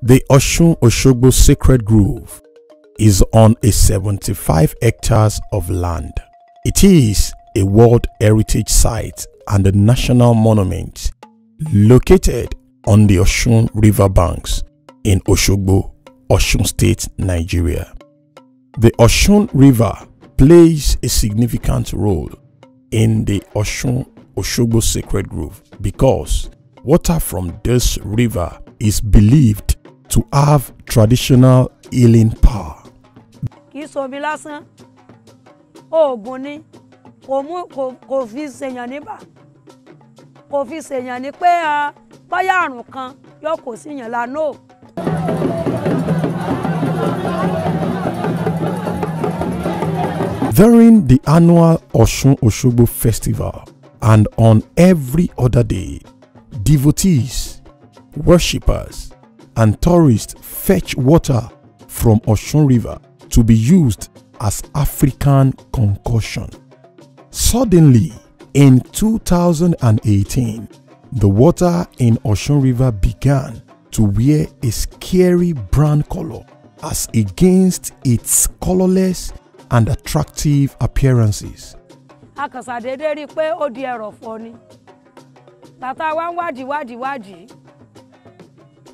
The Oshun Oshogbo Sacred Grove is on a 75 hectares of land. It is a World Heritage Site and a National Monument located on the Oshun River banks in Oshogbo, Oshun State, Nigeria. The Oshun River plays a significant role in the Oshun Oshogbo Sacred Grove because water from this river is believed to have traditional healing power. kì í somi lásán oògùn ni kò fi ṣèyàn níbà kò fi ṣèyàn ní pé ah, bóyá àrùn kan yóò kò síyàn la no. During the annual Osun Osogbo festival and on every other day, devotees, worshippers, and tourists fetch water from Ocean River to be used as African concussion. Suddenly, in 2018, the water in Ocean River began to wear a scary brown color as against its colorless and attractive appearances. rí pé ó di ni tàtà wa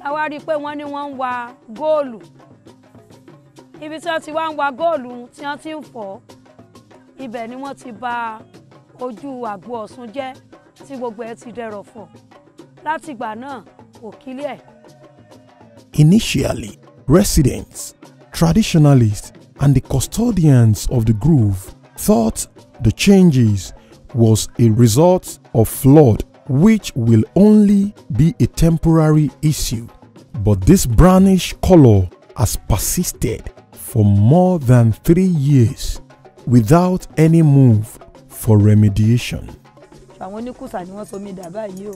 a rí i pé wọ́n ní wọ́n ń wa góòlù ibi tí wọ́n ti wá ń wa góòlù tí wọ́n ti ń fọ́ ibẹ̀ ni wọ́n ti ba ojú àgbo Ọ̀ṣun jẹ́ tí gbogbo ẹ̀ ti dẹrọ̀ fọ̀ látìgbà náà kò kílẹ̀. Initially, residents, traditionalists, and the custodians of the groove thought the changes was a result of flood which will only be a temporary issue. But this brownish color has persisted for more than three years without any move for remediation. àwọn oníkùsà ni wọ́n sọ mí dà báyìí o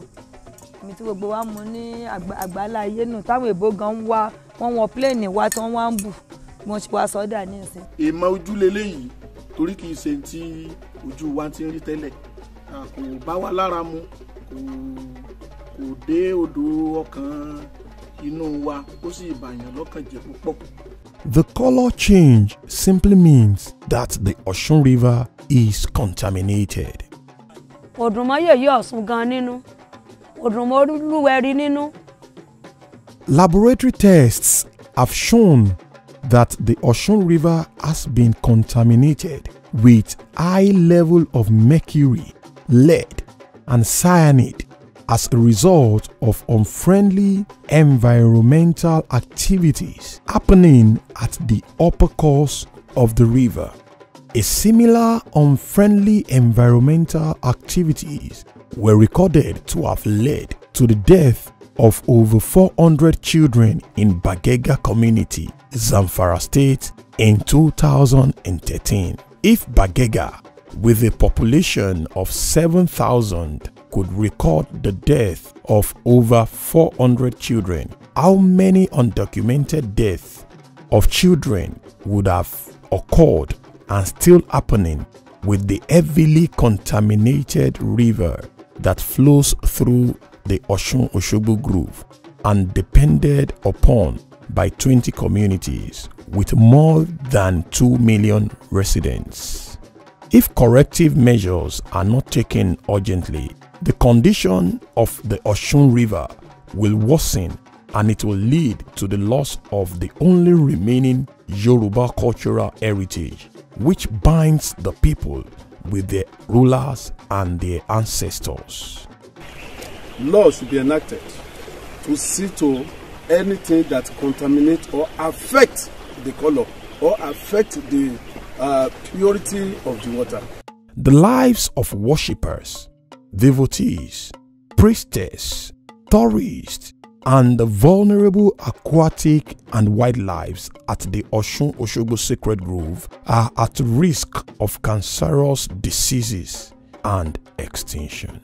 èmi tí gbogbo wa mú ní àgbàlá ayé nù táwọn èbó gan wá wọ́n wọ pléènì wá tí wọ́n wá ń bù bí wọ́n wá sọ́dà ní ìsìn. ìmọ̀ ojúlé torí kì í ṣe ti ojú wa ti ń rí tẹ́lẹ̀ kò bá wa lára mu kò dé odò ọkàn inú wa ó sì bàyàn lọ́kàn jẹ́ púpọ̀. The color change simply means that the Osun River is contaminated. Òdùnmọ́yẹ̀yẹ Ọ̀ṣun gan nínú, Òdùnmọ́lúwẹ̀rí nínú. Laboratory tests have shown that the Osun River has been contaminated with high level of mercury, lead, and cyanide as a result of unfriendly environmental activities happening at the upper course of the river. A similar unfriendly environmental activities were recorded to have led to the death of over 400 children in Bagega community, Zamfara state in 2013. If Bagega with a population of 7,000 could record the death of over 400 children, how many undocumented deaths of children would have occurred and still happening with the heavily contaminated river that flows through the Oshun Oshobu Groove and depended upon by 20 communities with more than 2 million residents. If corrective measures are not taken urgently, the condition of the Oshun River will worsen and it will lead to the loss of the only remaining Yoruba cultural heritage, which binds the people with their rulers and their ancestors. Laws should be enacted to see to anything that contaminates or affects the color or affects the uh, purity of the water. The lives of worshippers, devotees, priestess, tourists, and the vulnerable aquatic and wildlife at the Oshun Oshogo Sacred Grove are at risk of cancerous diseases and extinction.